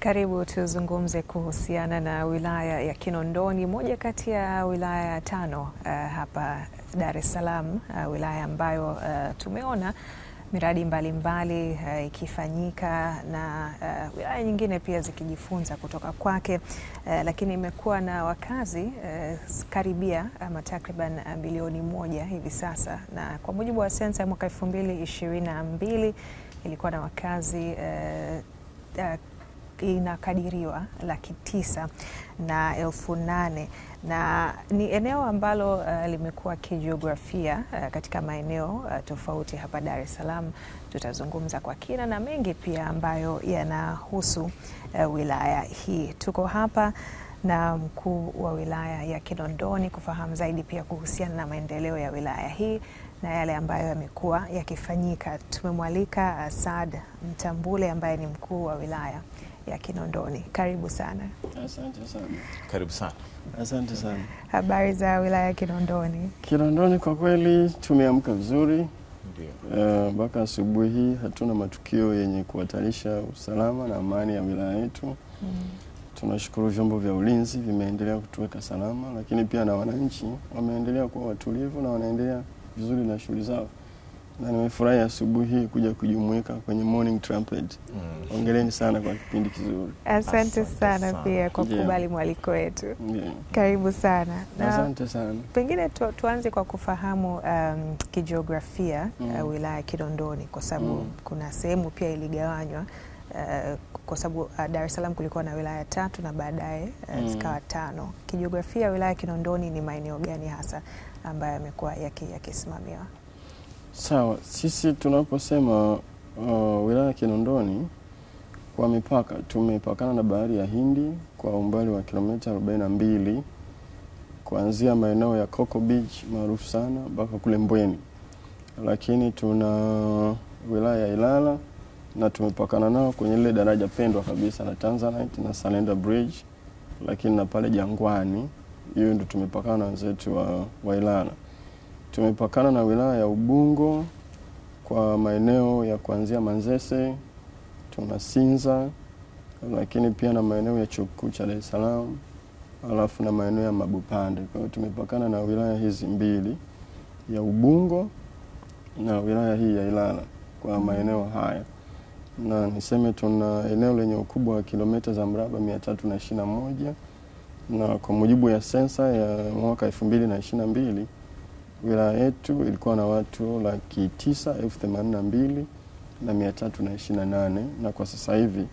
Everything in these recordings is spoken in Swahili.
Karibu tuzungumze kuhusiana na wilaya ya Kinondoni, moja kati ya wilaya tano uh, hapa Dar es Salaam uh, wilaya ambayo uh, tumeona miradi mbalimbali mbali, uh, ikifanyika na uh, wilaya nyingine pia zikijifunza kutoka kwake uh, lakini imekuwa na wakazi uh, karibia ama takriban milioni moja hivi sasa, na kwa mujibu wa sensa ya mwaka elfu mbili ilikuwa na wakazi uh, uh, inakadiriwa laki tisa na elfu nane na ni eneo ambalo uh, limekuwa kijiografia uh, katika maeneo uh, tofauti hapa Dar es Salaam. Tutazungumza kwa kina na mengi pia ambayo yanahusu uh, wilaya hii. Tuko hapa na mkuu wa wilaya ya Kinondoni kufahamu zaidi pia kuhusiana na maendeleo ya wilaya hii na yale ambayo yamekuwa yakifanyika. Tumemwalika uh, Saad Mtambule ambaye ni mkuu wa wilaya ya Kinondoni. Karibu sana. Asante sana. Karibu sana. Asante sana. Habari za wilaya ya Kinondoni? Kinondoni kwa kweli tumeamka vizuri eh, mpaka uh, asubuhi hii hatuna matukio yenye kuhatarisha usalama na amani ya wilaya yetu. mm. Tunashukuru vyombo vya ulinzi vimeendelea kutuweka salama, lakini pia na wananchi wameendelea kuwa watulivu na wanaendelea vizuri na shughuli zao na nimefurahi asubuhi kuja kujumuika kwenye Morning Trumpet. Mm. sana kwa kipindi kizuri. Asante, sana, pia kwa kukubali mwaliko wetu. Yeah. Karibu sana. asante sana. Pengine tu, tuanze kwa kufahamu um, kijiografia mm. uh, wilaya ya Kinondoni kwa sababu mm. kuna sehemu pia iligawanywa Uh, kwa sababu uh, Dar es Salaam kulikuwa na wilaya tatu na baadaye uh, mm. zikawa mm. tano. Kijiografia wilaya Kinondoni ni maeneo gani hasa ambayo yamekuwa yakisimamiwa? Sawa, sisi tunaposema uh, wilaya ya Kinondoni kwa mipaka tumepakana na bahari ya Hindi kwa umbali wa kilomita 42 kuanzia maeneo ya Coco Beach maarufu sana mpaka kule Mbweni, lakini tuna wilaya ya Ilala na tumepakana nao kwenye lile daraja pendwa kabisa la Tanzanite na Salenda Bridge, lakini na pale Jangwani, hiyo ndio tumepakana na wenzetu wa, wa Ilala. Tumepakana na wilaya ya Ubungo kwa maeneo ya kuanzia Manzese, tuna Sinza, lakini pia na maeneo ya chuo kikuu cha Dar es Salaam, alafu na maeneo ya Mabupande. Kwa hiyo tumepakana na wilaya hizi mbili ya Ubungo na wilaya hii ya Ilala kwa maeneo haya, na niseme tuna eneo lenye ukubwa wa kilomita za mraba 321 na kwa mujibu ya sensa ya mwaka 2022 wilaya yetu ilikuwa na watu laki tisa elfu themanini na mbili na mia tatu na ishirini na nane na kwa sasa hivi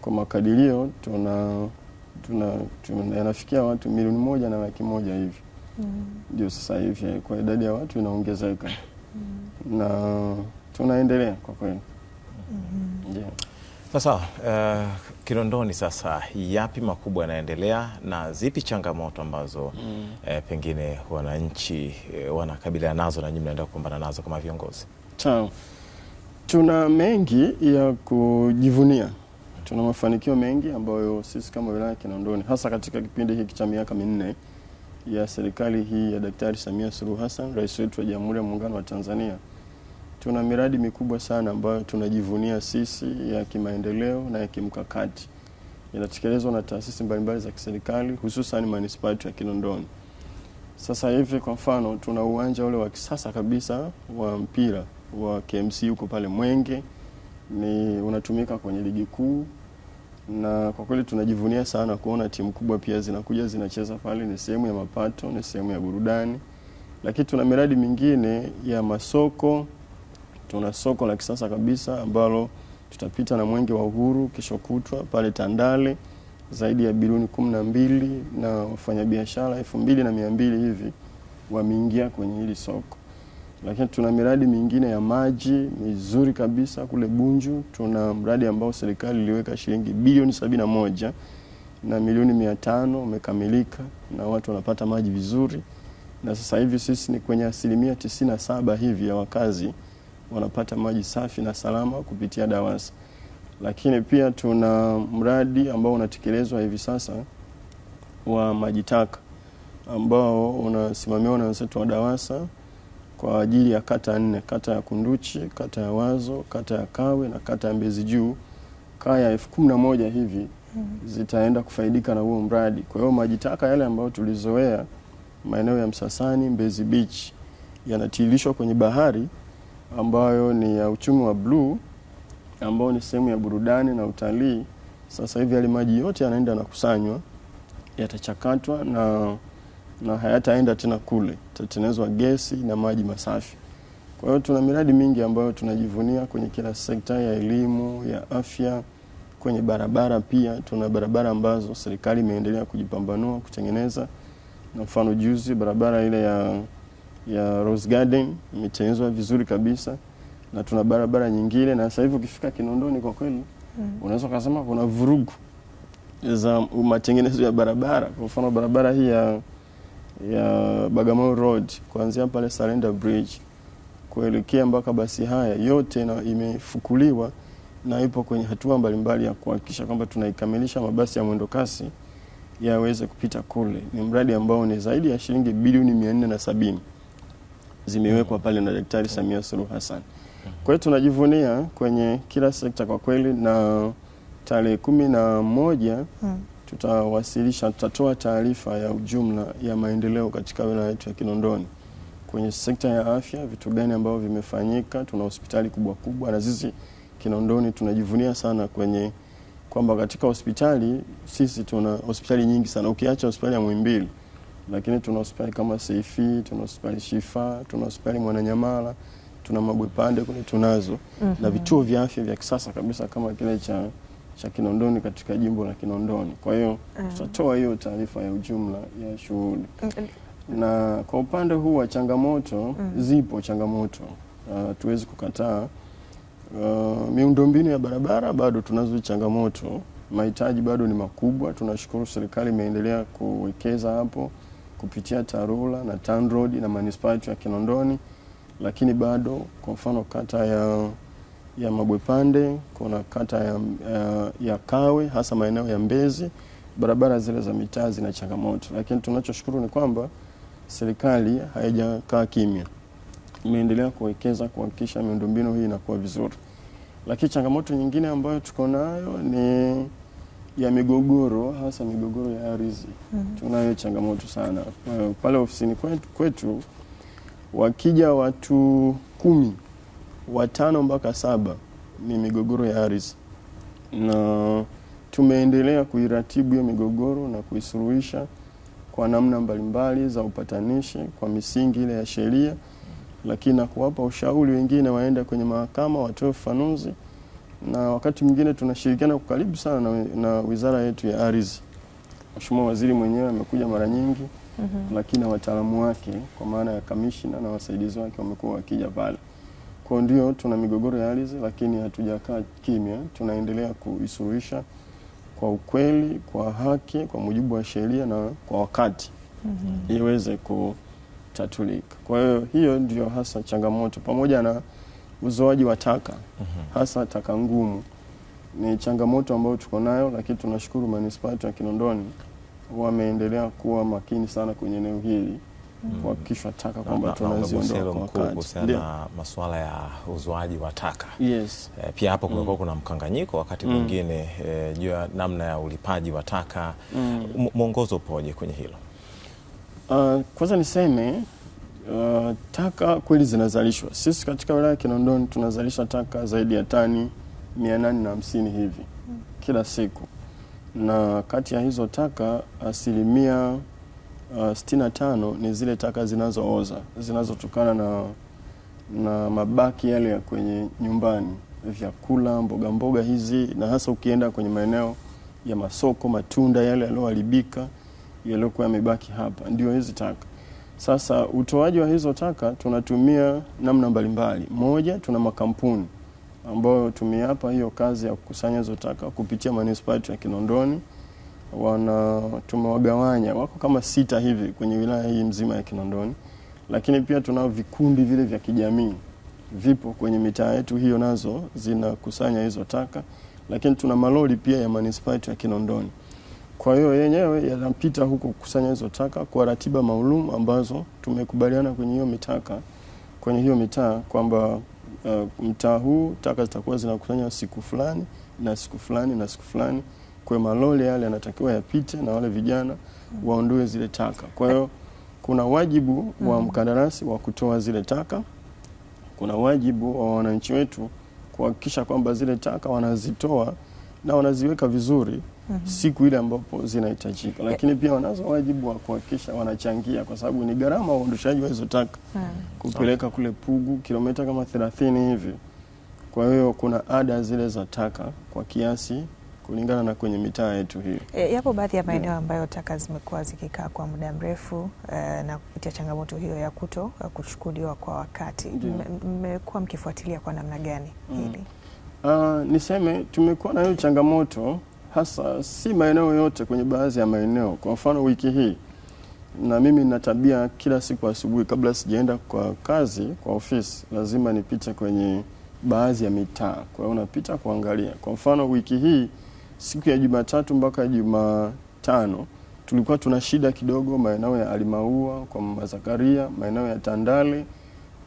kwa makadirio tuna tuna, tuna yanafikia watu milioni moja na laki moja hivi mm. ndio mm. Sasa hivi kwa idadi ya watu inaongezeka mm. na tunaendelea kwa kweli mm -hmm. yeah. Sasa uh, Kinondoni sasa, yapi makubwa yanaendelea na zipi changamoto ambazo mm. eh, pengine wananchi eh, wanakabiliana nazo na nyinyi mnaendelea kupambana nazo kama viongozi? Sawa, tuna mengi ya kujivunia, tuna mafanikio mengi ambayo sisi kama wilaya Kinondoni, hasa katika kipindi hiki cha miaka minne ya serikali hii ya Daktari Samia Suluhu Hassan, rais wetu wa Jamhuri ya Muungano wa Tanzania tuna miradi mikubwa sana ambayo tunajivunia sisi ya kimaendeleo na ya kimkakati inatekelezwa na taasisi mbalimbali za kiserikali hususan manispaa ya Kinondoni. Sasa hivi kwa mfano, tuna uwanja ule wa kisasa kabisa wa mpira wa KMC huko pale Mwenge, ni unatumika kwenye ligi kuu, na kwa kweli tunajivunia sana kuona timu kubwa pia zinakuja zinacheza pale. Ni sehemu ya mapato, ni sehemu ya burudani, lakini tuna miradi mingine ya masoko tuna soko la kisasa kabisa ambalo tutapita na mwenge wa uhuru kesho kutwa pale Tandale, zaidi ya bilioni kumi na mbili na wafanyabiashara elfu mbili na mia mbili hivi wameingia kwenye hili soko. Lakini tuna miradi mingine ya maji mizuri kabisa kule Bunju. Tuna mradi ambao serikali iliweka shilingi bilioni sabini na moja na milioni mia tano umekamilika na watu wanapata maji vizuri, na sasa hivi sisi ni kwenye asilimia tisini na saba hivi ya wakazi wanapata maji safi na salama kupitia DAWASA. Lakini pia tuna mradi ambao unatekelezwa hivi sasa wa maji taka ambao unasimamiwa na wenzetu wa DAWASA kwa ajili ya kata nne: kata ya Kunduchi, kata ya Wazo, kata ya Kawe na kata ya Mbezi Juu. Kaya elfu kumi na moja hivi mm-hmm. zitaenda kufaidika na huo mradi. Kwa hiyo maji taka yale ambayo tulizoea maeneo ya Msasani, Mbezi Beach yanatiilishwa kwenye bahari ambayo ni ya uchumi wa bluu ambao ni sehemu ya burudani na utalii. Sasa hivi yale maji yote yanaenda nakusanywa, yatachakatwa na, na hayataenda tena kule, tatengenezwa gesi na maji masafi. Kwa hiyo tuna miradi mingi ambayo tunajivunia kwenye kila sekta ya elimu, ya afya, kwenye barabara pia tuna barabara ambazo serikali imeendelea kujipambanua kutengeneza, na mfano juzi barabara ile ya ya Rose Garden imetengenezwa vizuri kabisa na tuna barabara nyingine, na sasa hivi ukifika Kinondoni kwa kweli mm. unaweza kusema kuna vurugu za matengenezo ya barabara. Kwa mfano barabara hii ya, ya Bagamoyo Road kuanzia pale Salenda Bridge kuelekea mpaka basi haya yote na imefukuliwa na ipo kwenye hatua mbalimbali ya kuhakikisha kwamba tunaikamilisha mabasi ya mwendo kasi yaweze kupita kule. Ni mradi ambao ni zaidi ya shilingi bilioni mia nne na sabini zimewekwa pale na Daktari Samia Suluhu Hassan. Kwa hiyo tunajivunia kwenye kila sekta kwa kweli, na tarehe kumi na moja hmm. tutawasilisha, tutatoa taarifa ya ujumla ya maendeleo katika wilaya yetu ya Kinondoni kwenye sekta ya afya, vitu gani ambavyo vimefanyika. Tuna hospitali kubwa kubwa, na sisi Kinondoni tunajivunia sana kwenye kwamba katika hospitali sisi tuna hospitali nyingi sana, ukiacha hospitali ya Muhimbili lakini tuna hospitali kama Seifi, tuna hospitali Shifa, tuna hospitali Mwananyamala, tuna Mabwepande kule tunazo mm -hmm. na mhm. vituo vya afya vya kisasa kabisa kama kile cha cha Kinondoni katika jimbo la Kinondoni. Kwa hiyo ah. tutatoa hiyo taarifa ya ujumla ya shughuli mm -hmm. na kwa upande huu wa changamoto mm -hmm. zipo changamoto uh, ah, tuwezi kukataa uh, miundombinu ya barabara bado tunazo changamoto mahitaji bado ni makubwa. Tunashukuru serikali imeendelea kuwekeza hapo kupitia TARURA na TANROAD na manispaa ya Kinondoni, lakini bado kwa mfano kata ya, ya Mabwepande kuna kata ya, ya, eh, ya Kawe hasa maeneo ya Mbezi, barabara zile za mitaa zina changamoto, lakini tunachoshukuru ni kwamba serikali haijakaa kimya, imeendelea kuwekeza kuhakikisha miundombinu hii inakuwa vizuri. Lakini changamoto nyingine ambayo tuko nayo ni ya migogoro hasa migogoro ya ardhi mm -hmm. Tunayo changamoto sana eh, pale ofisini kwetu, kwetu wakija watu kumi, watano mpaka saba ni migogoro ya ardhi, na tumeendelea kuiratibu hiyo migogoro na kuisuluhisha kwa namna mbalimbali za upatanishi kwa misingi ile ya sheria, lakini na kuwapa ushauri wengine waenda kwenye mahakama watoe ufafanuzi na wakati mwingine tunashirikiana kwa karibu sana na, na wizara yetu ya ardhi. Mheshimiwa waziri mwenyewe amekuja mara nyingi mm -hmm. lakini na wataalamu wake kwa maana ya kamishina na wasaidizi wake wamekuwa wakija pale. Kwa ndio tuna migogoro ya ardhi, lakini hatujakaa kimya, tunaendelea kuisuluhisha kwa ukweli, kwa haki, kwa mujibu wa sheria na kwa wakati mm -hmm. iweze kutatulika. Kwa hiyo hiyo ndio hasa changamoto pamoja na uzoaji wa taka mhm. hasa taka ngumu ni changamoto ambayo tuko nayo, lakini tunashukuru manispaa ya Kinondoni wameendelea kuwa makini sana kwenye eneo hili mhm. kuhakikisha taka kwamba tunaziondoa kwa wakati. Ndio masuala ya uzoaji wa taka yes. E, pia hapo kumekuwa mm. kuna mkanganyiko wakati mm. mwingine mm. e, juu ya namna ya ulipaji wa taka mm. mwongozo mm. upoje kwenye hilo? Uh, kwanza niseme Uh, taka kweli zinazalishwa. Sisi katika wilaya ya Kinondoni tunazalisha taka zaidi ya tani hamsini hivi kila siku, na kati ya hizo taka asilimia uh, tano ni zile taka zinazooza zinazotokana na, na mabaki yale ya kwenye nyumbani, vyakula, mboga mboga hizi, na hasa ukienda kwenye maeneo ya masoko, matunda yale yaliyoharibika yaliyokuwa yamebaki hapa, ndio hizi taka sasa utoaji wa hizo taka tunatumia namna mbalimbali. Moja, tuna makampuni ambayo tumeapa hiyo kazi ya kukusanya hizo taka kupitia manispaa ya Kinondoni wana tumewagawanya wako kama sita hivi kwenye wilaya hii mzima ya Kinondoni, lakini pia tunao vikundi vile vya kijamii vipo kwenye mitaa yetu hiyo, nazo zinakusanya hizo taka, lakini tuna malori pia ya manispaa ya Kinondoni. Kwa hiyo yenyewe yanapita huko kukusanya hizo taka kwa ratiba maalum ambazo tumekubaliana kwenye hiyo mitaka kwenye hiyo mitaa kwamba uh, mtaa huu taka zitakuwa zinakusanywa siku fulani na siku fulani na siku fulani, kwa malori yale yanatakiwa yapite na wale vijana waondoe zile taka. Kwa hiyo kuna wajibu wa mm. mkandarasi wa kutoa zile taka, kuna wajibu wa wananchi wetu kuhakikisha kwamba zile taka wanazitoa na wanaziweka vizuri. -hmm. siku ile ambapo zinahitajika, lakini pia wanazo wajibu wa kuhakikisha wanachangia, kwa sababu ni gharama wa uondoshaji wa hizo taka mm kupeleka okay. kule Pugu kilomita kama 30 hivi. Kwa hiyo kuna ada zile za taka kwa kiasi kulingana na kwenye mitaa yetu hiyo. E, yapo baadhi ya mm. maeneo yeah. ambayo taka zimekuwa zikikaa kwa muda mrefu eh, na kupitia changamoto hiyo ya kuto e, kuchukuliwa kwa wakati mmekuwa mkifuatilia kwa namna gani mm. hili? Mm. Uh, niseme tumekuwa na hiyo changamoto hasa si maeneo yote, kwenye baadhi ya maeneo. Kwa mfano wiki hii, na mimi nina tabia kila siku asubuhi, kabla sijaenda kwa kazi, kwa ofisi, lazima nipite kwenye baadhi ya mitaa. Kwa hiyo unapita kuangalia. Kwa mfano wiki hii, siku ya Jumatatu mpaka Jumatano tulikuwa tuna shida kidogo maeneo ya Alimaua kwa Mama Zakaria, maeneo ya Tandale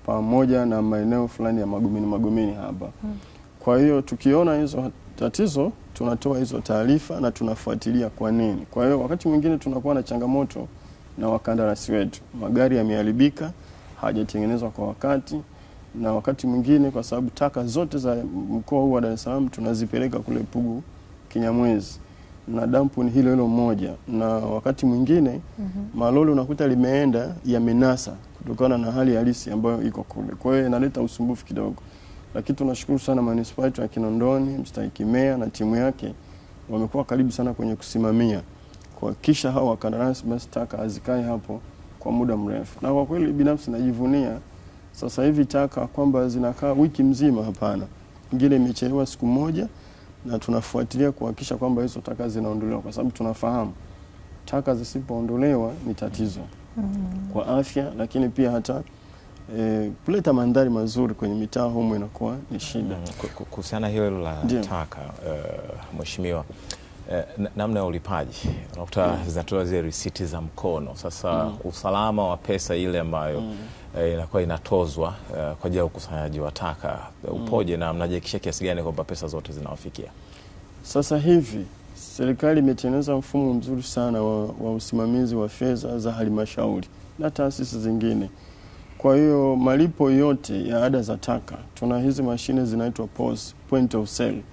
pamoja na maeneo fulani ya Magomeni Magomeni hapa. Hmm. Kwa hiyo tukiona hizo tatizo tunatoa hizo taarifa na tunafuatilia kwa nini. Kwa hiyo wakati mwingine tunakuwa na changamoto na wakandarasi wetu, magari yameharibika, hajatengenezwa kwa wakati, na wakati mwingine kwa sababu taka zote za mkoa huu wa Dar es Salaam tunazipeleka kule Pugu Kinyamwezi na dampu ni hilo hilo moja, na wakati mwingine mm -hmm. malori unakuta limeenda yamenasa kutokana na hali halisi ambayo iko kule, kwa hiyo inaleta usumbufu kidogo. Lakini tunashukuru sana manispaa yetu ya Kinondoni, mstahiki meya na timu yake wamekuwa karibu sana kwenye kusimamia kuhakikisha hao wakandarasi basi taka hazikae hapo kwa muda mrefu. Na kwa kweli binafsi najivunia sasa hivi taka kwamba zinakaa wiki mzima, hapana. Ingine imechelewa siku moja, na tunafuatilia kuhakikisha kwamba hizo taka zinaondolewa, kwa sababu tunafahamu taka zisipoondolewa ni tatizo mm, kwa afya, lakini pia hata e, kuleta mandhari mazuri kwenye mitaa humu inakuwa ni shida. Mm, kuhusiana hiyo la taka uh, mheshimiwa eh, namna ya ulipaji unakuta mm. zinatolewa zile risiti za mkono sasa, mm. usalama wa pesa ile ambayo mm. eh, inakuwa inatozwa eh, kwa ajili ya ukusanyaji wa taka mm. upoje? na mnajihakikisha kiasi gani kwamba pesa zote zinawafikia? Sasa hivi serikali imetengeneza mfumo mzuri sana wa, wa usimamizi wa fedha za halmashauri na taasisi zingine. Kwa hiyo malipo yote ya ada za taka, tuna hizi mashine zinaitwa POS, point of sale.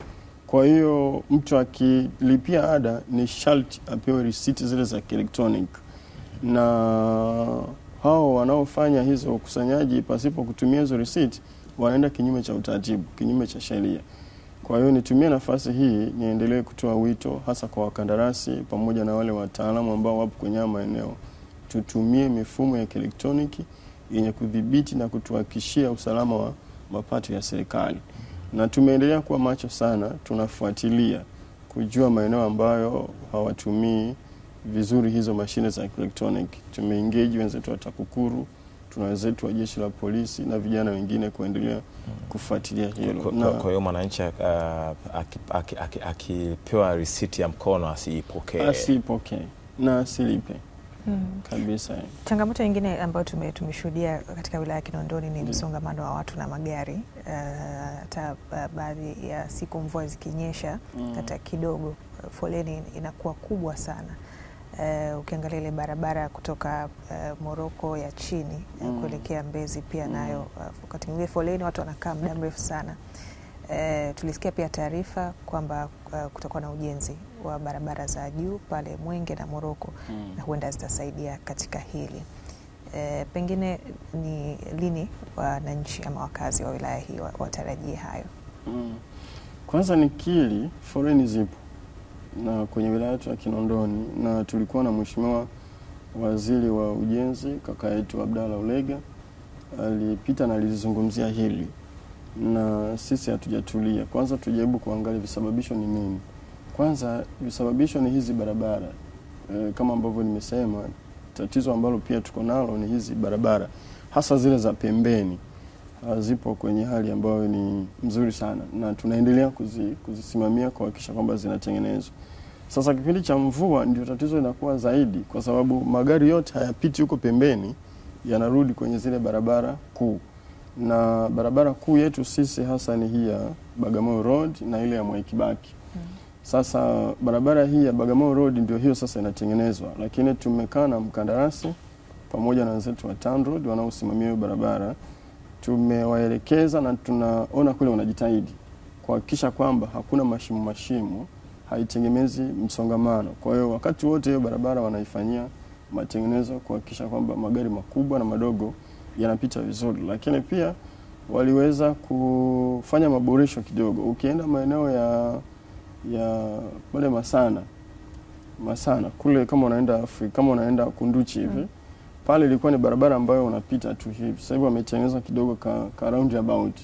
Kwa hiyo mtu akilipia ada ni sharti apewe risiti zile za kielektronic, na hao wanaofanya hizo ukusanyaji pasipo kutumia hizo risiti wanaenda kinyume cha utaratibu, kinyume cha sheria. Kwa hiyo nitumie nafasi hii niendelee kutoa wito hasa kwa wakandarasi pamoja na wale wataalamu ambao wapo kwenye maeneo, tutumie mifumo ya kielektroniki yenye kudhibiti na kutuhakikishia usalama wa mapato ya serikali, na tumeendelea kuwa macho sana, tunafuatilia kujua maeneo ambayo hawatumii vizuri hizo mashine za kielektroniki. Tumeingeji wenzetu wa TAKUKURU, tuna wenzetu wa jeshi la polisi na vijana wengine kuendelea kufuatilia hilo. Kwa hiyo mwananchi uh, akipewa risiti ya mkono asiipokee, asiipokee na asilipe. Mm. kabisa. Changamoto nyingine ambayo tumeshuhudia katika wilaya ya Kinondoni ni mm. msongamano wa watu na magari eh, hata uh, uh, baadhi ya siku mvua zikinyesha mm. hata kidogo eh, foleni inakuwa kubwa sana. Uh, ukiangalia ile barabara kutoka uh, Moroko ya chini mm. kuelekea Mbezi pia nayo mm. wakati uh, mwingine foleni watu wanakaa muda mrefu sana E, tulisikia pia taarifa kwamba uh, kutakuwa na ujenzi wa barabara za juu pale Mwenge na Moroko mm. na huenda zitasaidia katika hili e, pengine ni lini wananchi ama wakazi wa wilaya hii watarajie hayo? mm. Kwanza kili foreni zipo na kwenye wilaya yetu ya Kinondoni, na tulikuwa na mheshimiwa waziri wa ujenzi kaka yetu Abdalla Ulega alipita na alizungumzia hili na sisi hatujatulia. Kwanza tujaribu kuangalia visababisho ni nini. Kwanza visababisho ni hizi barabara e, kama ambavyo nimesema, tatizo ambalo pia tuko nalo ni hizi barabara, hasa zile za pembeni zipo kwenye hali ambayo ni mzuri sana, na tunaendelea kuzi, kuzisimamia kuhakikisha kwamba zinatengenezwa. Sasa kipindi cha mvua ndio tatizo linakuwa zaidi, kwa sababu magari yote hayapiti huko pembeni, yanarudi kwenye zile barabara kuu na barabara kuu yetu sisi hasa ni hii ya Bagamoyo Road na ile ya Mwai Kibaki. Mm. Sasa barabara hii ya Bagamoyo Road ndio hiyo sasa inatengenezwa, lakini tumekaa na mkandarasi pamoja na wenzetu wa TANROADS wanaosimamia hiyo barabara, tumewaelekeza na tunaona kule wanajitahidi kuhakikisha kwamba hakuna mashimo mashimo, haitengemezi msongamano. Kwa hiyo wakati wote hiyo barabara wanaifanyia matengenezo kuhakikisha kwamba magari makubwa na madogo yanapita vizuri, lakini pia waliweza kufanya maboresho kidogo. Ukienda maeneo ya ya pale Masana Masana kule, kama unaenda Afrika, kama unaenda Kunduchi hivi mm. pale ilikuwa ni barabara ambayo unapita tu hivi. Sasa hivi wametengeneza kidogo ka, ka round about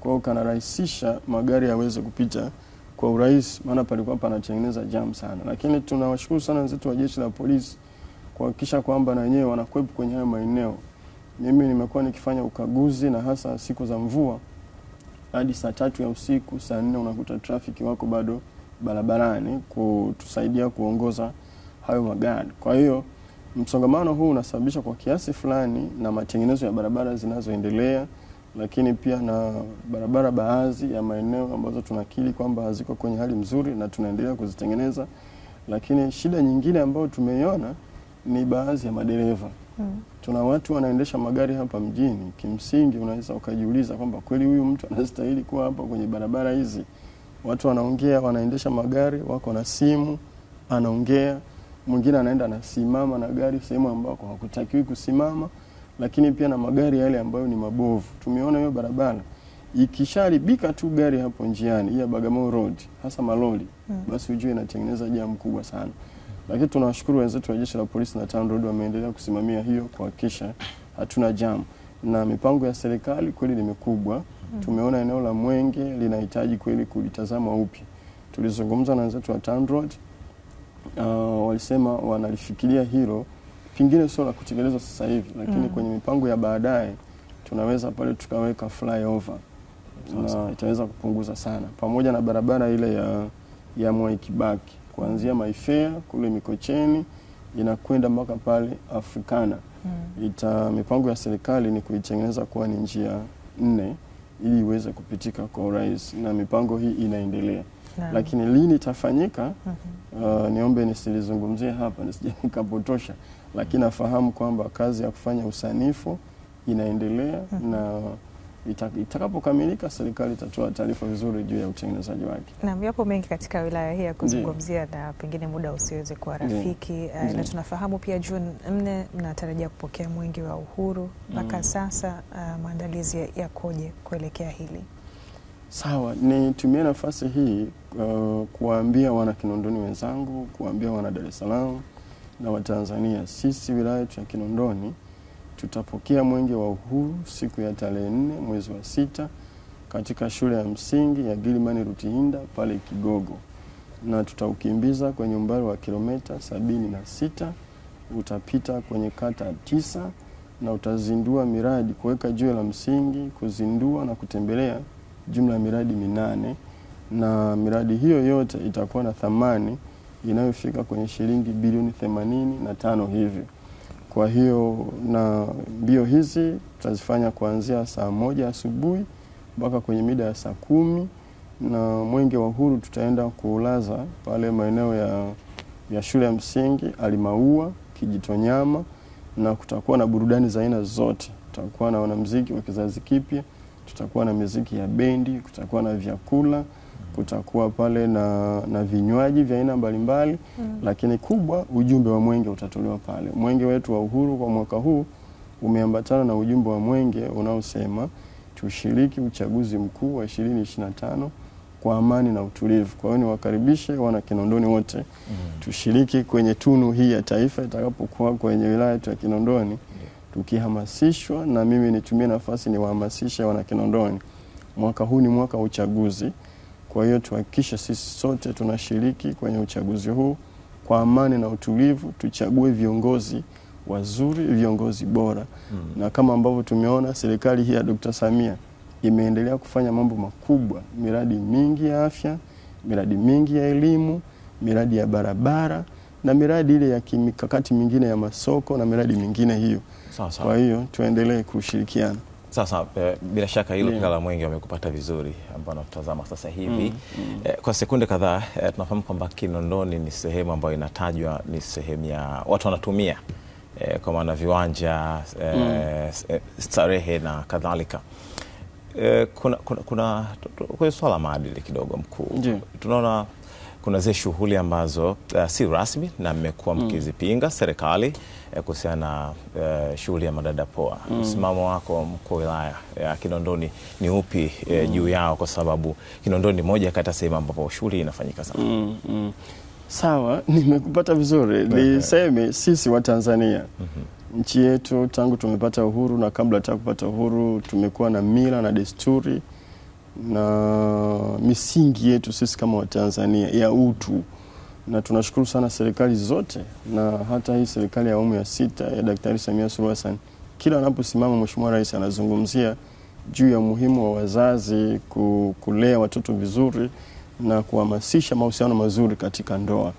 kwa hiyo kanarahisisha magari yaweze kupita kwa urahisi, maana palikuwa panatengeneza jam sana. Lakini tunawashukuru sana wenzetu wa jeshi la polisi kuhakikisha kwamba na wenyewe wanakwepo kwenye hayo maeneo mimi nimekuwa nikifanya ukaguzi na hasa siku za mvua hadi saa tatu ya usiku, saa nne unakuta trafiki wako bado barabarani kutusaidia kuongoza hayo magari. Kwa hiyo msongamano huu unasababisha kwa kiasi fulani na matengenezo ya barabara zinazoendelea, lakini pia na barabara baadhi ya maeneo ambazo tunakili kwamba haziko kwenye hali mzuri na tunaendelea kuzitengeneza. Lakini shida nyingine ambayo tumeiona ni baadhi ya madereva mm. Tuna watu wanaendesha magari hapa mjini, kimsingi unaweza ukajiuliza kwamba kweli huyu mtu anastahili kuwa hapa kwenye barabara hizi? Watu wanaongea, wanaendesha magari, wako na simu, anaongea. Mwingine anaenda anasimama na gari sehemu ambako hakutakiwi kusimama, lakini pia na magari yale ambayo ni mabovu. Tumeona hiyo barabara ikisharibika tu gari hapo njiani ya Bagamoyo Road, hasa maloli mm. basi ujue inatengeneza jamu kubwa sana. Lakini tunawashukuru wenzetu wa jeshi la polisi na TANROADS wameendelea kusimamia hiyo kuhakikisha hatuna jam, na mipango ya serikali kweli ni mikubwa. Tumeona eneo la Mwenge linahitaji kweli kulitazama upya. Tulizungumza na wenzetu wa TANROADS uh, ah, walisema wanalifikiria hilo, pingine sio la kutekelezwa sasa hivi, lakini mm. kwenye mipango ya baadaye tunaweza pale tukaweka flyover na itaweza kupunguza sana, pamoja na barabara ile ya ya Mwai Kibaki kuanzia Maifea kule Mikocheni inakwenda mpaka pale Afrikana. Mm. Ita mipango ya serikali ni kuitengeneza kuwa ni njia nne ili iweze kupitika kwa urahisi na mipango hii inaendelea. Naam. Lakini lini itafanyika? mm -hmm. Uh, niombe nisilizungumzie hapa nisije nikapotosha, lakini nafahamu kwamba kazi ya kufanya usanifu inaendelea. mm -hmm. na itakapokamilika serikali itatoa taarifa vizuri juu ya utengenezaji wake. Naam, yapo mengi katika wilaya hii ya kuzungumzia na pengine muda usiweze kuwa rafiki, eh, na tunafahamu pia Juni nne mnatarajia kupokea mwenge wa uhuru mpaka mm. Sasa uh, maandalizi yakoje kuelekea hili? Sawa, nitumie nafasi hii uh, kuwaambia wana Kinondoni wenzangu, kuwaambia wana Dar es Salaam na Watanzania, sisi wilaya ya Kinondoni tutapokea mwenge wa uhuru siku ya tarehe nne mwezi wa sita katika shule ya msingi ya Gilman Rutihinda pale Kigogo, na tutaukimbiza kwenye umbali wa kilometa sabini na sita. Utapita kwenye kata tisa na utazindua miradi kuweka jiwe la msingi, kuzindua na kutembelea jumla ya miradi minane, na miradi hiyo yote itakuwa na thamani inayofika kwenye shilingi bilioni themanini na tano hivi. Kwa hiyo na mbio hizi tutazifanya kuanzia saa moja asubuhi mpaka kwenye mida ya saa kumi na Mwenge wa Uhuru tutaenda kuulaza pale maeneo ya, ya shule ya msingi Alimaua, Kijitonyama na kutakuwa na burudani za aina zote. Tutakuwa na wanamuziki wa kizazi kipya, tutakuwa na miziki ya bendi, kutakuwa na vyakula kutakuwa pale na, na vinywaji vya aina mbalimbali mm. Lakini kubwa ujumbe wa mwenge utatolewa pale. Mwenge wetu wa uhuru kwa mwaka huu umeambatana na ujumbe wa mwenge unaosema tushiriki uchaguzi mkuu wa 2025 kwa amani na utulivu. Kwa hiyo niwakaribishe wana Kinondoni wote mm. tushiriki kwenye tunu hii ya taifa itakapokuwa kwenye wilaya yetu ya Kinondoni tukihamasishwa, na mimi nitumie nafasi niwahamasishe wana Kinondoni, mwaka huu ni mwaka wa uchaguzi kwa hiyo tuhakikishe sisi sote tunashiriki kwenye uchaguzi huu kwa amani na utulivu, tuchague viongozi wazuri, viongozi bora mm. na kama ambavyo tumeona serikali hii ya Dr. Samia imeendelea kufanya mambo makubwa, miradi mingi ya afya, miradi mingi ya elimu, miradi ya barabara na miradi ile ya kimikakati mingine ya masoko na miradi mingine hiyo. Kwa hiyo tuendelee kushirikiana. Sasa e, bila shaka hilo yeah. Wataalamu wengi wamekupata vizuri ambao wanatutazama sasa hivi mm, mm. E, kwa sekunde kadhaa e, tunafahamu kwamba Kinondoni ni sehemu ambayo inatajwa ni sehemu ya watu wanatumia e, kwa maana viwanja e, mm. starehe na kadhalika e, kuna, kuna, kuna, kuna swala maadili kidogo mkuu yeah. tunaona kuna zile shughuli ambazo uh, si rasmi na mmekuwa mm. mkizipinga mm. serikali eh, kuhusiana na eh, shughuli ya madada poa mm. msimamo wako mkuu wa wilaya ya eh, Kinondoni ni upi eh, mm. juu yao, kwa sababu Kinondoni ni moja kati ya sehemu ambapo shughuli inafanyika sana mm. mm. Sawa, nimekupata vizuri. Eh, Niseme sisi wa Tanzania mm -hmm. nchi yetu tangu tumepata uhuru na kabla hata kupata uhuru tumekuwa na mila na desturi na misingi yetu sisi kama Watanzania ya utu, na tunashukuru sana serikali zote na hata hii serikali ya awamu ya sita ya Daktari Samia Suluhu Hassan, kila anaposimama Mheshimiwa Rais anazungumzia juu ya umuhimu wa wazazi kulea watoto vizuri na kuhamasisha mahusiano mazuri katika ndoa.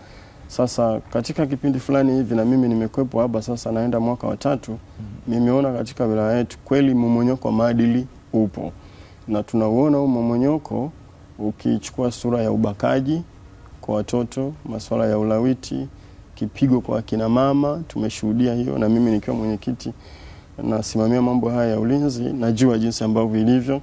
Sasa katika kipindi fulani hivi na mimi nimekwepo hapa sasa, naenda mwaka wa tatu, nimeona katika wilaya yetu kweli mmonyoko wa maadili upo na tunauona huu mmomonyoko ukichukua sura ya ubakaji kwa watoto, masuala ya ulawiti, kipigo kwa akina mama. Tumeshuhudia hiyo, na mimi nikiwa mwenyekiti nasimamia mambo haya ya ulinzi, najua jinsi ambavyo ilivyo.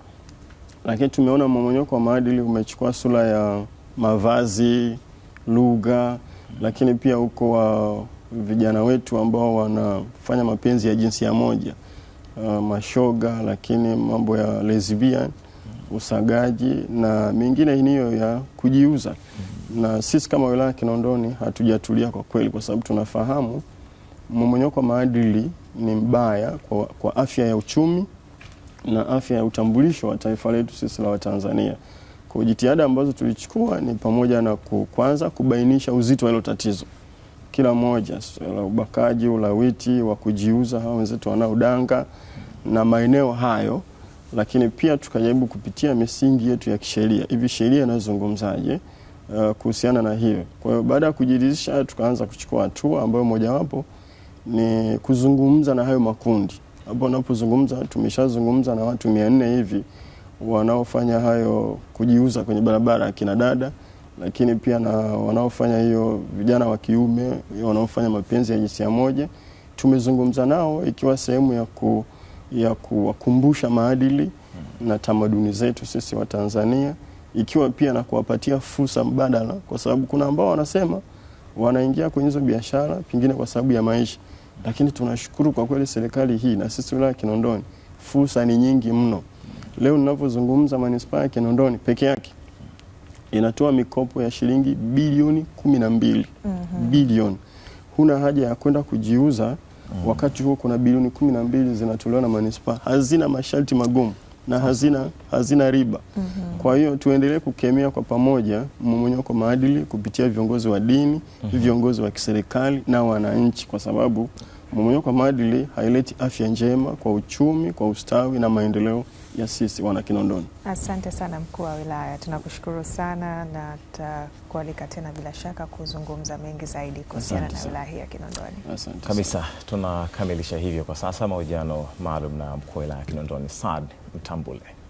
Lakini tumeona mmomonyoko wa maadili umechukua sura ya mavazi, lugha, lakini pia huko wa vijana wetu ambao wanafanya mapenzi ya jinsia moja. Uh, mashoga, lakini mambo ya lesbian usagaji na mingine hiyo ya kujiuza. Na sisi kama wilaya ya Kinondoni hatujatulia kwa kweli, kwa sababu tunafahamu mmomonyoko wa maadili ni mbaya kwa, kwa afya ya uchumi na afya ya utambulisho wa taifa letu sisi la Watanzania. Kwa jitihada ambazo tulichukua ni pamoja na kwanza kubainisha uzito wa hilo tatizo kila moja, la ubakaji, ulawiti wa kujiuza, hao wenzetu wanaodanga na maeneo hayo, lakini pia tukajaribu kupitia misingi yetu ya kisheria, hivi sheria inazungumzaje uh, kuhusiana na hiyo. Kwa hiyo baada ya kujiridhisha, tukaanza kuchukua hatua ambayo mojawapo ni kuzungumza na hayo makundi. Hapo unapozungumza, tumeshazungumza na watu mia nne hivi wanaofanya hayo kujiuza kwenye barabara akina dada, lakini pia na wanaofanya hiyo vijana wa kiume wanaofanya mapenzi ya jinsia moja. Tumezungumza nao ikiwa sehemu ya ku ya kuwakumbusha maadili na tamaduni zetu sisi wa Tanzania, ikiwa pia na kuwapatia fursa mbadala, kwa sababu kuna ambao wanasema wanaingia kwenye hizo biashara pengine kwa sababu ya maisha, lakini tunashukuru kwa kweli serikali hii na sisi wilaya Kinondoni, fursa ni nyingi mno. Leo ninavyozungumza manispaa ya Kinondoni peke yake inatoa mikopo ya shilingi bilioni kumi na mbili. mm -hmm. Bilioni, huna haja ya kwenda kujiuza mm. Wakati huo kuna bilioni kumi na mbili zinatolewa na manispaa, hazina masharti magumu na hazina, hazina riba mm -hmm. Kwa hiyo tuendelee kukemea kwa pamoja mmomonyoko maadili kupitia viongozi wa dini mm -hmm. viongozi wa kiserikali na wananchi, kwa sababu mmomonyoko wa maadili haileti afya njema kwa uchumi, kwa ustawi na maendeleo ya sisi wana Kinondoni. Asante sana mkuu wa wilaya, tunakushukuru sana na tutakualika tena bila shaka kuzungumza mengi zaidi kuhusiana na wilaya hii ya Kinondoni. Asante kabisa. Tunakamilisha hivyo kwa sasa mahojiano maalum na mkuu wa wilaya ya Kinondoni Saad Mtambule.